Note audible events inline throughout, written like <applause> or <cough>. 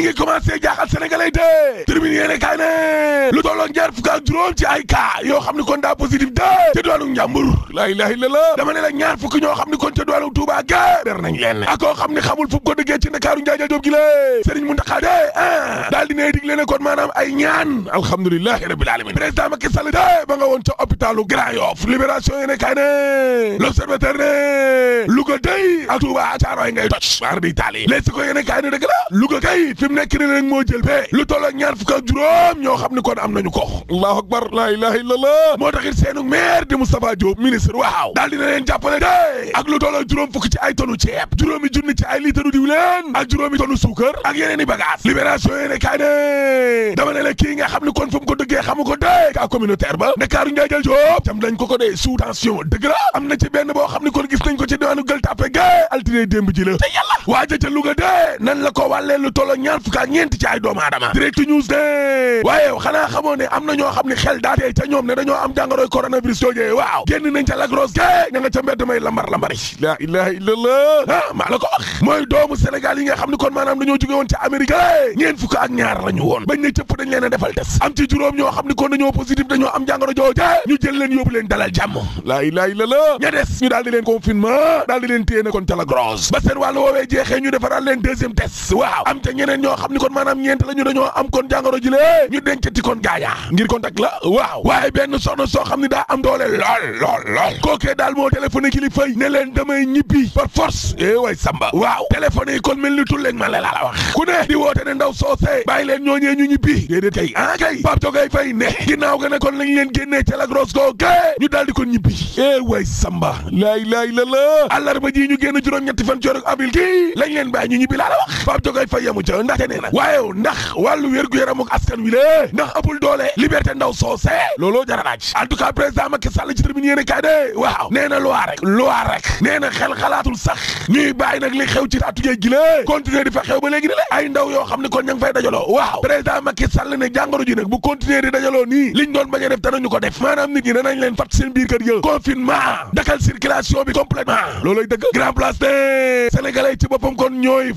mi ngi commencé jaaxal sénégalais de tribune yéene kaay ne lu tolloon ñaar fukk ak juróom ci ay cas yoo xam ni kon daa positif de ci doonu njàmbur laa ilaaha dama ne la ñaar fukk ñoo xam ni kon ca doonu Touba ga der ak koo xam ne xamul fu ko dëggee ci Ndakaaru Njaaja Jóob gi la Sëriñ Muntaxa de ah daal di ne dig leen kon maanaam ay ñaan alhamdulilahi rabbil alamin président Macky Sall de ba nga woon ca hôpitalu Grand Yoff libération yéene kaay ne l'observateur ne Louga day ak Touba Caaroy ngay toj waar bi fi mu nekk ni nag moo jël bee lu toll ak ñaar fukk ak juróom ñoo xam ne kon am nañu ko allahu akbar laa ilaha moo tax it seenu di Moustapha Diop ministre waaw daal dina leen jàppale de ak lu toll juróom fukk ci ay tonu ceeb juróomi junni ci ay liitaru diwleen ak juróomi tonu suukar ak yeneen i bagage libération yéene kaay ne kii nga xam ne kon fu mu ko dëggee xamu ko de ka communautaire ba Ndakaaru Ndiaye Jël Diop jam nañ ko ko de sous tension ñaar fukk ak ñeenti ci ay doomu aadama direct news de waaye xanaa xamoo ne am na ñoo xam ne xel daa ca ñoom ne dañoo am jàngoroy coronavirus joojee waaw génn nañ ca la ilaha illallah ah ak ñaar la woon bañ ne cëpp dañ leen a defal des am ci juróom ñoo xam ne kon dañoo positif dañoo am jàngoro jooje ñu jël leen yóbbu leen dalal jàmm la ilaha illallah ña des ñu daal leen confinement daal leen téye ne kon ca lagros ba seen wàllu jeexee ñu defaral ñoo xam ni kon maanaam ñeent la ñu dañoo am kon jàngoro ji lee ñu dencati kon gaañaa ngir contact la waaw waaye benn soxna soo xam ni daa am doole lool lool lool kookee daal moo téléphoné kilifa yi ne leen damay ñibbi par force eh way samba waaw téléphoné yi kon mel ni leen ma la la wax ku ne di woote ne ndaw soosee bàyyi leen ñooñee ñu ñibbi déedéet kay ah kay Pape Jogay Fay ne ginnaaw ga ne kon lañ leen génnee ca la grosse ñu daal di kon ñibbi eh way samba laay laay la la àllarba ji ñu génn juróom-ñetti fan ci avril la wax jaxate nee na waaye ndax wàllu wér-gu-yaramu askan wi lée ndax ëppul doole liberté ndaw soose looloo jara laaj en tout cas président Macky Sall ci tribune yéene kaay de waaw nee na loi rek loi rek nee na xel xalaatul sax ñuy bàyyi nag li xew ci atugee gi lée continuer di fa xew ba léegi ne ay ndaw yoo xam ne kon ña ngi fay dajaloo waaw président Macky Sall ne jàngoro ji nag bu continuer di dajaloo nii liñ doon bañ a def danañu ko def maanaam nit ñi danañ leen bi complètement looloy dëgg grand place de sénégalais ci boppam kon ñooy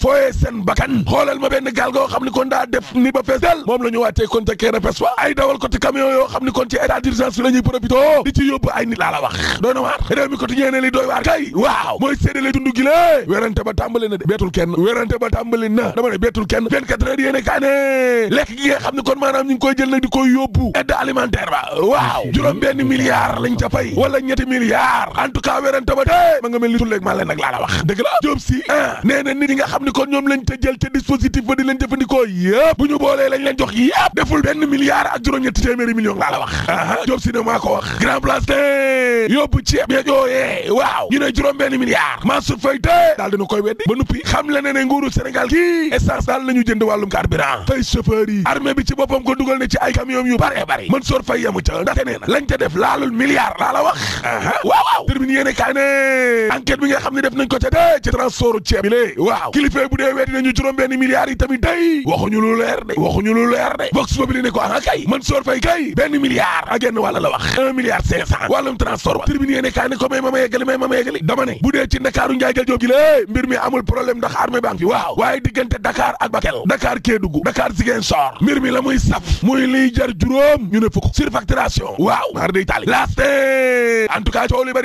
Sénégal xam ni kon daa def ni ba fees moom la ñu wàatee kon ca keerapes fa ay dawal côté camion yoo xam ni kon ci état d'urgence bi la ñuy profité di ay nit laa la wax doy waar réew mi quotidien ne li waar kay waaw mooy séddale dund gi lée werante ba tàmbali de beetul kenn werante ba tàmbali dama ne beetul kenn 24 heures yéene kaa ne lekk gi nga xam ni kon maanaam ñu koy jël nag di koy yóbbu aide alimentaire ba waaw juróom benn milliard di leen jëfandikoo la wax aa Diop si ne maa ko wax grand place te yóbbu ceeb ya jooyee waaw ñu ne juróom benn milliard Mansour Faye te daal dina koy weddi ba nuppi xam le ne ne nguuru Sénégal kii essence daal nañu jënd wàllum carburant fay chauffeur yi armée bi ci boppam ko dugal ne ci ay camion yu bare bare Mansour Faye yamu ca ndaxte nee na lañ def laalul milliard laa wax aa waaw waaw termine yéene kaay bi nga xam ne def nañ ko ca de ci transport ceeb bi lée waaw kilifa bu dee weddi nañu juróom benn milliard yi bi day waxuñu lu leer de waxuñu lu leer de vox populi ko ah kay Mansour Faye kay benn milliard ak genn wàlla la wax un milliard cinq cent wàllum transport wa tribune yéene kaa ne ko may ma ma yeggali may ma ma yeggali dama ne bu dee ci Ndakaaru njaay joob gi lée mbir mi amul problème ndax armée banque bi waaw waaye diggante Dakar ak Bakel Dakar Kédougou Dakar Ziguinchor mbir mi la muy saf muy liy jar juróom ñu ne fukk surfacturation waaw mar eh,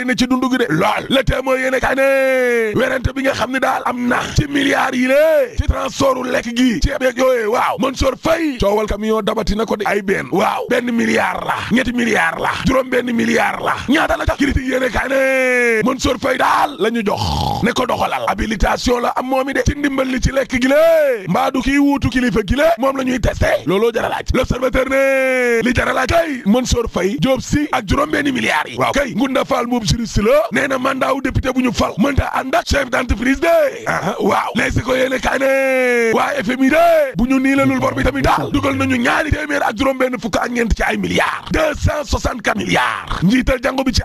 na ci dundu de lool le bi nga xam ne daal am na ci milliards yi lée ci transportu lekk gii ceeb yeeg yooyee waaw Mansour coowal camion dabati na ko de ay benn waaw benn milliard la ñetti milliard la juróom benn milliard la ñaata la tax critique yéene kaay ne Mansour Faye daal la ñu jox ne ko doxalal habilitation la am moomi de ci ndimbal li ci lekk gi lée mbaadu kii wuutu kilifa gi lée moom la ñuy testé looloo jaralaaj l'observateur ne li jaralaaj kay Mansour Faye Diop si ak juróom benn milliards yi waaw kay Ngunda Fall boobu juriste la nee na waa FMI de bu ñu niilalul bor fukk ak ñeent ci ay milliards deux cent soixante quatre milliards bi ci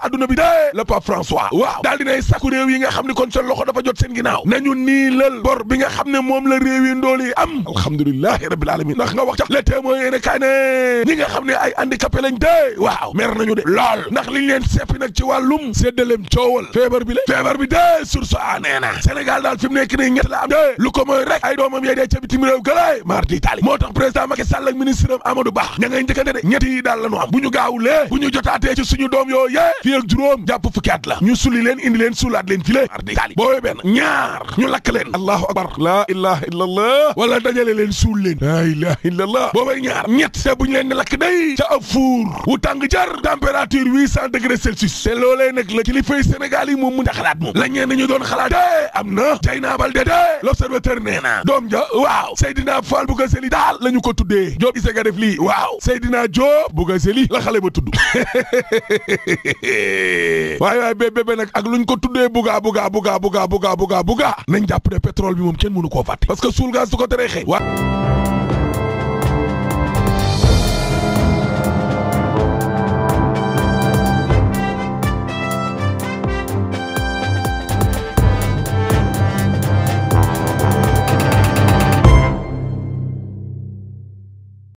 waaw yi nga xam ne kon seen loxo dafa jot seen ginnaaw nañu niilal bor bi nga xam ne moom la réew yi ndool yi am alhamdulilahi rabbil alamin ndax nga wax ca le témoin yéene kaay ne ñi de waaw mer nañu de lool ndax liñ leen seppi nag ci wàllum séddaleem coowal feebar bi la feebar bi de source a nee na Sénégal daal fi nekk nii ñett am de lu ko mooy rek ay doomam yee dee ca bitim réew gëlaay maar di taali moo tax président Macky Sall ak ministre am Amadou Ba ña ngay njëkkante de ñett yi daal la ñu am bu ñu gaawulee bu ñu jotaatee ci suñu doom yoo yee fii ak juróom jàpp fukki at la ñu suli leen indi leen suulaat leen file maar di taali ñaar ñu lakk leen allahu akbar laa ilaha illa allah wala ñaar ñett te bu ñu leen lakk day ca ab wu tàng jar température huit cent degré Celsius te loolee nag la kilifay Sénégal yi moom mun a xalaat moom la ñeen ñu doon xalaat waaw Seydina Fall Bougazelli daal la ñu ko tuddee Diop Isega def lii waaw Seydina Diop Bougazelli la xale ba tudd <laughs> waaye waaye bébébé nag ak luñ ko tuddee buga buga buga buga buga buga buga nañ jàpp ne pétrole bi moom kenn mënu koo fàtte parce que suul gaz du ko teree xëy waaw